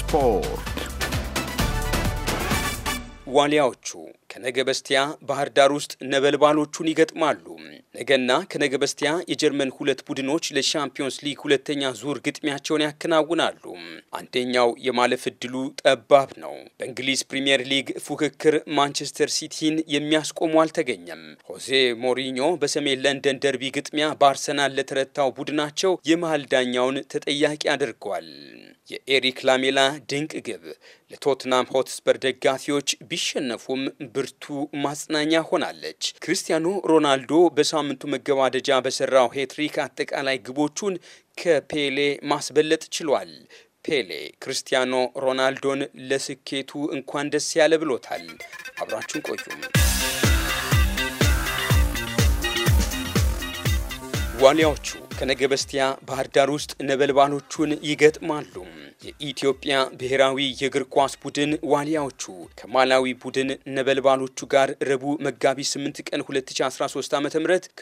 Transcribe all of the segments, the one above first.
ስፖርት። ዋሊያዎቹ ከነገ በስቲያ ባህር ዳር ውስጥ ነበልባሎቹን ይገጥማሉ። ነገና ከነገ በስቲያ የጀርመን ሁለት ቡድኖች ለሻምፒዮንስ ሊግ ሁለተኛ ዙር ግጥሚያቸውን ያከናውናሉ። አንደኛው የማለፍ እድሉ ጠባብ ነው። በእንግሊዝ ፕሪምየር ሊግ ፉክክር ማንቸስተር ሲቲን የሚያስቆሙ አልተገኘም። ሆዜ ሞሪኞ በሰሜን ለንደን ደርቢ ግጥሚያ በአርሰናል ለተረታው ቡድናቸው የመሃል ዳኛውን ተጠያቂ አድርጓል። የኤሪክ ላሜላ ድንቅ ግብ ለቶትናም ሆትስፐር ደጋፊዎች ቢሸነፉም ብርቱ ማጽናኛ ሆናለች። ክርስቲያኖ ሮናልዶ በሳ በሳምንቱ መገባደጃ በሰራው ሄትሪክ አጠቃላይ ግቦቹን ከፔሌ ማስበለጥ ችሏል። ፔሌ ክርስቲያኖ ሮናልዶን ለስኬቱ እንኳን ደስ ያለ ብሎታል። አብራችን ቆዩም። ዋሊያዎቹ ከነገ በስቲያ ባህር ዳር ውስጥ ነበልባሎቹን ይገጥማሉ። የኢትዮጵያ ብሔራዊ የእግር ኳስ ቡድን ዋሊያዎቹ ከማላዊ ቡድን ነበልባሎቹ ጋር ረቡዕ መጋቢት 8 ቀን 2013 ዓ.ም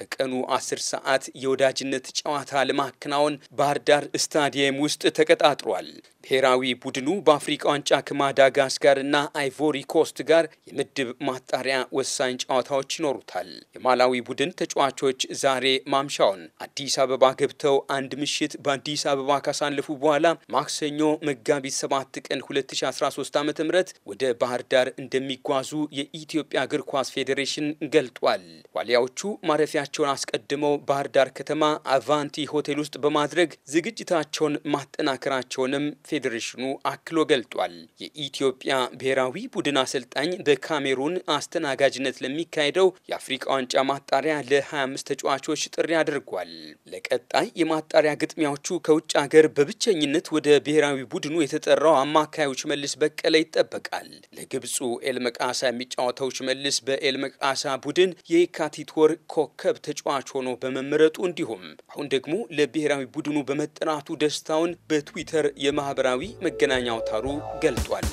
ከቀኑ 10 ሰዓት የወዳጅነት ጨዋታ ለማከናወን ባህር ዳር ስታዲየም ውስጥ ተቀጣጥሯል። ብሔራዊ ቡድኑ በአፍሪካ ዋንጫ ከማዳጋስካር እና አይቮሪ ኮስት ጋር የምድብ ማጣሪያ ወሳኝ ጨዋታዎች ይኖሩታል። የማላዊ ቡድን ተጫዋቾች ዛሬ ማምሻውን አዲስ አበባ ገብተው አንድ ምሽት በአዲስ አበባ ካሳለፉ በኋላ ማክሰኞ መጋቢት 7 ቀን 2013 ዓ ም ወደ ባህር ዳር እንደሚጓዙ የኢትዮጵያ እግር ኳስ ፌዴሬሽን ገልጧል። ዋሊያዎቹ ማረፊያቸውን አስቀድመው ባህር ዳር ከተማ አቫንቲ ሆቴል ውስጥ በማድረግ ዝግጅታቸውን ማጠናከራቸውንም ፌዴሬሽኑ አክሎ ገልጧል። የኢትዮጵያ ብሔራዊ ቡድን አሰልጣኝ በካሜሩን አስተናጋጅነት ለሚካሄደው የአፍሪካ ዋንጫ ማጣሪያ ለ25 ተጫዋቾች ጥሪ አድርጓል። ለቀጣይ የማጣሪያ ግጥሚያዎቹ ከውጭ ሀገር በብቸኝነት ወደ ብሔራዊ ብሔራዊ ቡድኑ የተጠራው አማካዩ ሽመልስ በቀለ ይጠበቃል። ለግብፁ ኤልመቃሳ የሚጫወተው ሽመልስ በኤልመቃሳ ቡድን የካቲት ወር ኮከብ ተጫዋች ሆኖ በመመረጡ እንዲሁም አሁን ደግሞ ለብሔራዊ ቡድኑ በመጠራቱ ደስታውን በትዊተር የማህበራዊ መገናኛ አውታሩ ገልጧል።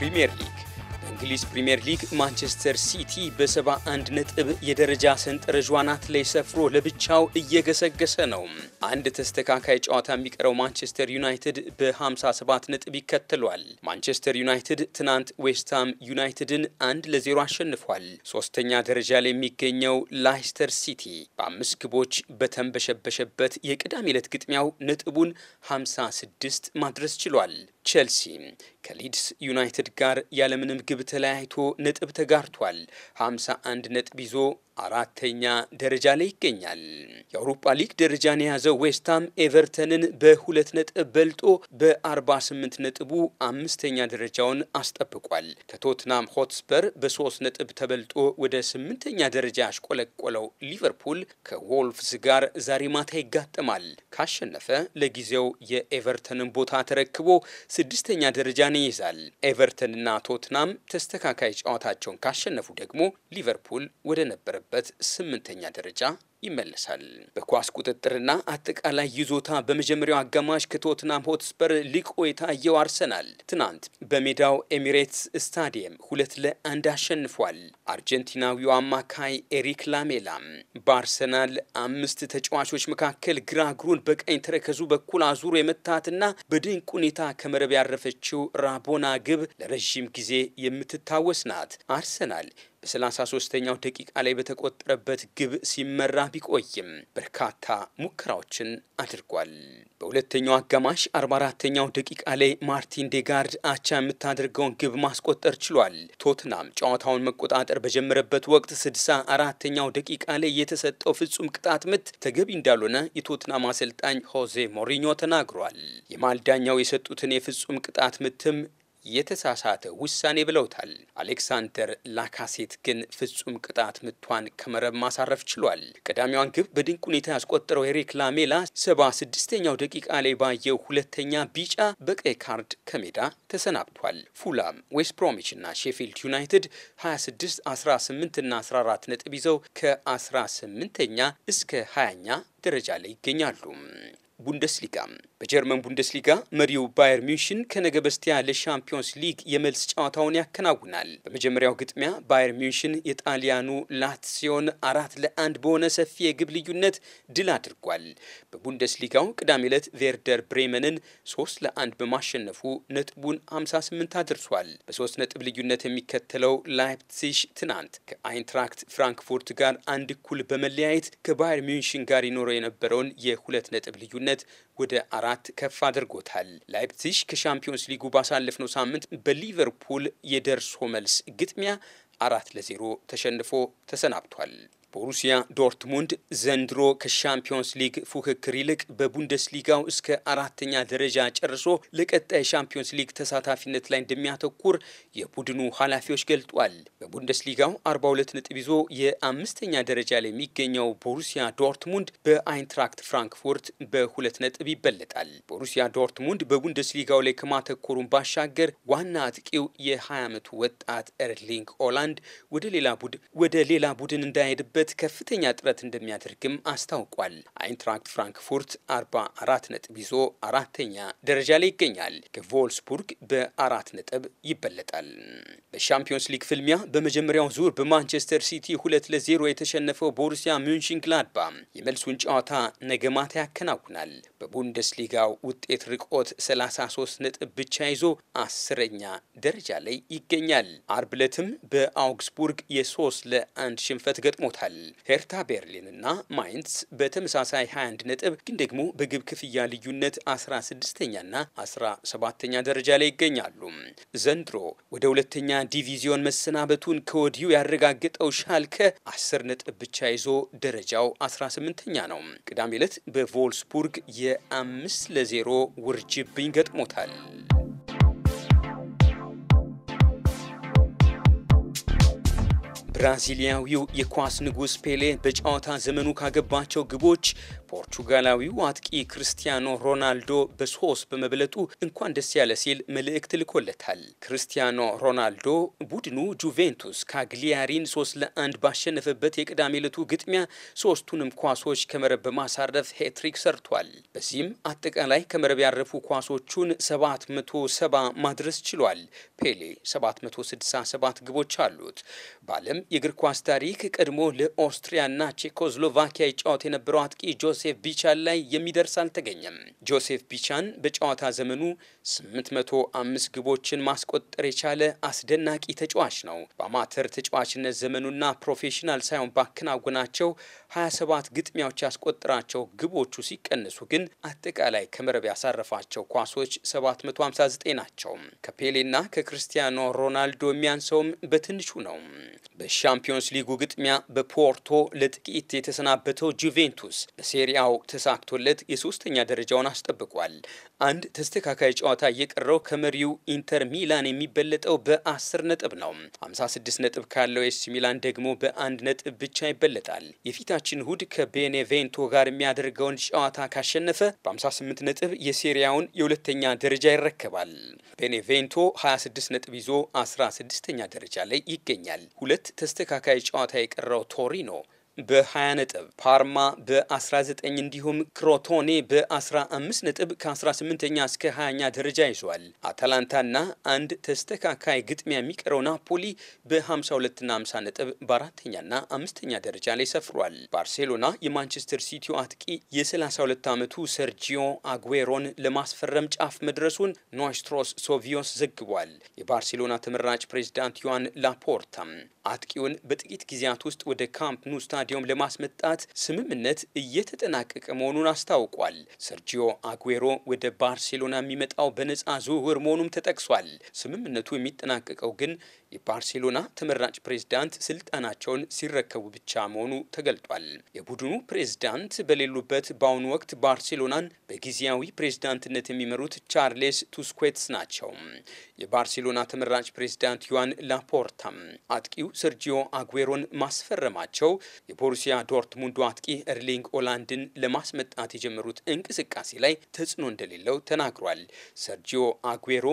ፕሪምየር ሊግ በእንግሊዝ ፕሪምየር ሊግ ማንቸስተር ሲቲ በሰባ አንድ ነጥብ የደረጃ ሰንጠረዥ አናት ላይ ሰፍሮ ለብቻው እየገሰገሰ ነው። አንድ ተስተካካይ ጨዋታ የሚቀረው ማንቸስተር ዩናይትድ በ57 ነጥብ ይከተሏል። ማንቸስተር ዩናይትድ ትናንት ዌስትሃም ዩናይትድን አንድ ለዜሮ አሸንፏል። ሶስተኛ ደረጃ ላይ የሚገኘው ላይስተር ሲቲ በአምስት ግቦች በተንበሸበሸበት የቅዳሜ ዕለት ግጥሚያው ነጥቡን 56 ማድረስ ችሏል። ቼልሲ ከሊድስ ዩናይትድ ጋር ያለምንም ግብ ተለያይቶ ነጥብ ተጋርቷል። 51 ነጥብ ይዞ አራተኛ ደረጃ ላይ ይገኛል። የአውሮፓ ሊግ ደረጃን የያዘው ዌስትሃም ኤቨርተንን በሁለት ነጥብ በልጦ በ48 ነጥቡ አምስተኛ ደረጃውን አስጠብቋል። ከቶትናም ሆትስፐር በ3 ነጥብ ተበልጦ ወደ ስምንተኛ ደረጃ ያሽቆለቆለው ሊቨርፑል ከዎልፍስ ጋር ዛሬ ማታ ይጋጠማል። ካሸነፈ ለጊዜው የኤቨርተንን ቦታ ተረክቦ ስድስተኛ ደረጃን ይይዛል። ኤቨርተንና ቶትናም ተስተካካይ ጨዋታቸውን ካሸነፉ ደግሞ ሊቨርፑል ወደ ነበረ ከነበረበት ስምንተኛ ደረጃ ይመለሳል። በኳስ ቁጥጥርና አጠቃላይ ይዞታ በመጀመሪያው አጋማሽ ከቶትናም ሆትስፐር ሊቆ የታየው አርሰናል ትናንት በሜዳው ኤሚሬትስ ስታዲየም ሁለት ለአንድ አሸንፏል። አርጀንቲናዊው አማካይ ኤሪክ ላሜላ በአርሰናል አምስት ተጫዋቾች መካከል ግራ እግሩን በቀኝ ተረከዙ በኩል አዙሮ የመታትና በድንቅ ሁኔታ ከመረብ ያረፈችው ራቦና ግብ ለረዥም ጊዜ የምትታወስ ናት። አርሰናል በ33ኛው ደቂቃ ላይ በተቆጠረበት ግብ ሲመራ ቢቆይም በርካታ ሙከራዎችን አድርጓል። በሁለተኛው አጋማሽ 44ኛው ደቂቃ ላይ ማርቲን ዴጋርድ አቻ የምታደርገውን ግብ ማስቆጠር ችሏል። ቶትናም ጨዋታውን መቆጣጠር በጀመረበት ወቅት 64ኛው ደቂቃ ላይ የተሰጠው ፍጹም ቅጣት ምት ተገቢ እንዳልሆነ የቶትናም አሰልጣኝ ሆዜ ሞሪኞ ተናግሯል። የማልዳኛው የሰጡትን የፍጹም ቅጣት ምትም የተሳሳተ ውሳኔ ብለውታል። አሌክሳንደር ላካሴት ግን ፍጹም ቅጣት ምቷን ከመረብ ማሳረፍ ችሏል። ቀዳሚዋን ግብ በድንቅ ሁኔታ ያስቆጠረው ኤሪክ ላሜላ ሰባ ስድስተኛው ደቂቃ ላይ ባየው ሁለተኛ ቢጫ በቀይ ካርድ ከሜዳ ተሰናብቷል። ፉላም፣ ዌስት ፕሮሚች እና ሼፊልድ ዩናይትድ 26፣ 18 እና 14 ነጥብ ይዘው ከ18ኛ እስከ 20ኛ ደረጃ ላይ ይገኛሉ። ቡንደስሊጋ በጀርመን ቡንደስሊጋ መሪው ባየር ሚንሽን ከነገ በስቲያ ለሻምፒዮንስ ሊግ የመልስ ጨዋታውን ያከናውናል። በመጀመሪያው ግጥሚያ ባየር ሚንሽን የጣሊያኑ ላትሲዮን አራት ለአንድ በሆነ ሰፊ የግብ ልዩነት ድል አድርጓል። በቡንደስሊጋው ቅዳሜ ዕለት ቬርደር ብሬመንን ሶስት ለአንድ በማሸነፉ ነጥቡን 58 አድርሷል። በሶስት ነጥብ ልዩነት የሚከተለው ላይፕሲሽ ትናንት ከአይንትራክት ፍራንክፉርት ጋር አንድ እኩል በመለያየት ከባየር ሚንሽን ጋር ይኖረው የነበረውን የሁለት ነጥብ ልዩነት ልዩነት ወደ አራት ከፍ አድርጎታል። ላይፕዚሽ ከሻምፒዮንስ ሊጉ ባሳለፍነው ሳምንት በሊቨርፑል የደርሶ መልስ ግጥሚያ አራት ለዜሮ ተሸንፎ ተሰናብቷል። ቦሩሲያ ዶርትሙንድ ዘንድሮ ከሻምፒዮንስ ሊግ ፉክክር ይልቅ በቡንደስሊጋው እስከ አራተኛ ደረጃ ጨርሶ ለቀጣይ ሻምፒዮንስ ሊግ ተሳታፊነት ላይ እንደሚያተኩር የቡድኑ ኃላፊዎች ገልጧል። በቡንደስሊጋው 42 ነጥብ ይዞ የአምስተኛ ደረጃ ላይ የሚገኘው ቦሩሲያ ዶርትሙንድ በአይንትራክት ፍራንክፉርት በሁለት ነጥብ ይበለጣል። ቦሩሲያ ዶርትሙንድ በቡንደስሊጋው ላይ ከማተኮሩን ባሻገር ዋና አጥቂው የ20 ዓመቱ ወጣት ኤርሊንግ ኦላንድ ወደ ሌላ ቡድን እንዳይሄድበት ለማጎልበት ከፍተኛ ጥረት እንደሚያደርግም አስታውቋል። አይንትራክት ፍራንክፉርት 44 ነጥብ ይዞ አራተኛ ደረጃ ላይ ይገኛል። ከቮልስቡርግ በአራት ነጥብ ይበለጣል። በሻምፒዮንስ ሊግ ፍልሚያ በመጀመሪያው ዙር በማንቸስተር ሲቲ ሁለት ለዜሮ የተሸነፈው ቦሩሲያ ሚንሽን ግላድባ የመልሱን ጨዋታ ነገ ማታ ያከናውናል። በቡንደስሊጋው ውጤት ርቆት 33 ነጥብ ብቻ ይዞ አስረኛ ደረጃ ላይ ይገኛል። አርብ ዕለትም በአውግስቡርግ የሶስት ለአንድ ሽንፈት ገጥሞታል። ተገኝተዋል። ሄርታ ቤርሊን እና ማይንስ በተመሳሳይ 21 ነጥብ ግን ደግሞ በግብ ክፍያ ልዩነት 16 ና 17ኛ ደረጃ ላይ ይገኛሉ። ዘንድሮ ወደ ሁለተኛ ዲቪዚዮን መሰናበቱን ከወዲሁ ያረጋገጠው ሻልከ 10 ነጥብ ብቻ ይዞ ደረጃው 18ኛ ነው። ቅዳሜ ዕለት በቮልስቡርግ የ ለ0 ውርጅብኝ ገጥሞታል። ብራዚሊያዊው የኳስ ንጉስ ፔሌ በጨዋታ ዘመኑ ካገባቸው ግቦች ፖርቹጋላዊው አጥቂ ክርስቲያኖ ሮናልዶ በሶስት በመብለጡ እንኳን ደስ ያለ ሲል መልእክት ልኮለታል። ክርስቲያኖ ሮናልዶ ቡድኑ ጁቬንቱስ ካግሊያሪን ሶስት ለአንድ ባሸነፈበት የቅዳሜ ዕለቱ ግጥሚያ ሶስቱንም ኳሶች ከመረብ በማሳረፍ ሄትሪክ ሰርቷል። በዚህም አጠቃላይ ከመረብ ያረፉ ኳሶቹን 770 ማድረስ ችሏል። ፔሌ 767 ግቦች አሉት። በዓለም የእግር ኳስ ታሪክ ቀድሞ ለኦስትሪያና ቼኮስሎቫኪያ ይጫወት የነበረው አጥቂ ጆሴ ጆሴፍ ቢቻን ላይ የሚደርስ አልተገኘም። ጆሴፍ ቢቻን በጨዋታ ዘመኑ 805 ግቦችን ማስቆጠር የቻለ አስደናቂ ተጫዋች ነው። በአማተር ተጫዋችነት ዘመኑና ፕሮፌሽናል ሳይሆን ባከናወናቸው 27 ግጥሚያዎች ያስቆጠራቸው ግቦቹ ሲቀነሱ ግን አጠቃላይ ከመረብ ያሳረፋቸው ኳሶች 759 ናቸው። ከፔሌና ከክርስቲያኖ ሮናልዶ የሚያንሰውም በትንሹ ነው። በሻምፒዮንስ ሊጉ ግጥሚያ በፖርቶ ለጥቂት የተሰናበተው ጁቬንቱስ በሴሪያው ተሳክቶለት የሶስተኛ ደረጃውን አስጠብቋል። አንድ ተስተካካይ ጨዋታ እየቀረው ከመሪው ኢንተር ሚላን የሚበለጠው በ10 ነጥብ ነው። 56 ነጥብ ካለው ኤሲ ሚላን ደግሞ በአንድ ነጥብ ብቻ ይበለጣል። የፊታ የፊታችን እሁድ ከቤኔቬንቶ ጋር የሚያደርገውን ጨዋታ ካሸነፈ በ58 ነጥብ የሴሪያውን የሁለተኛ ደረጃ ይረከባል። ቤኔቬንቶ 26 ነጥብ ይዞ 16ኛ ደረጃ ላይ ይገኛል። ሁለት ተስተካካይ ጨዋታ የቀረው ቶሪኖ በ20 ነጥብ ፓርማ በ19 እንዲሁም ክሮቶኔ በ15 ነጥብ ከ18ኛ እስከ 20ኛ ደረጃ ይዟል። አታላንታና አንድ ተስተካካይ ግጥሚያ የሚቀረው ናፖሊ በ52ና 50 ነጥብ በአራተኛና አምስተኛ ደረጃ ላይ ሰፍሯል። ባርሴሎና የማንቸስተር ሲቲው አጥቂ የ32 ዓመቱ ሰርጂዮ አጉዌሮን ለማስፈረም ጫፍ መድረሱን ኖይስትሮስ ሶቪዮስ ዘግቧል። የባርሴሎና ተመራጭ ፕሬዚዳንት ዮዋን ላፖርታም አጥቂውን በጥቂት ጊዜያት ውስጥ ወደ ካምፕ ኑ ስታዲየም ለማስመጣት ስምምነት እየተጠናቀቀ መሆኑን አስታውቋል። ሰርጂዮ አጉዌሮ ወደ ባርሴሎና የሚመጣው በነፃ ዝውውር መሆኑም ተጠቅሷል። ስምምነቱ የሚጠናቀቀው ግን የባርሴሎና ተመራጭ ፕሬዝዳንት ስልጣናቸውን ሲረከቡ ብቻ መሆኑ ተገልጧል። የቡድኑ ፕሬዝዳንት በሌሉበት በአሁኑ ወቅት ባርሴሎናን በጊዜያዊ ፕሬዝዳንትነት የሚመሩት ቻርሌስ ቱስኩዌትስ ናቸው። የባርሴሎና ተመራጭ ፕሬዝዳንት ዮዋን ላፖርታም አጥቂው ሰርጂዮ አጉዌሮን ማስፈረማቸው የቦሩሲያ ዶርትሙንዱ አጥቂ ኤርሊንግ ኦላንድን ለማስመጣት የጀመሩት እንቅስቃሴ ላይ ተጽዕኖ እንደሌለው ተናግሯል። ሰርጂዮ አጉዌሮ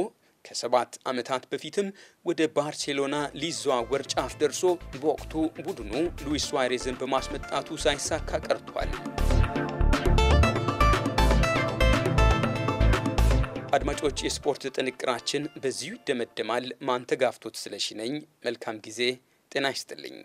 ከሰባት ዓመታት በፊትም ወደ ባርሴሎና ሊዘዋወር ጫፍ ደርሶ በወቅቱ ቡድኑ ሉዊስ ሱዋሬዝን በማስመጣቱ ሳይሳካ ቀርቷል። አድማጮች፣ የስፖርት ጥንቅራችን በዚሁ ይደመደማል። ማንተጋፍቶት ስለሺ ነኝ። መልካም ጊዜ። ጤና ይስጥልኝ።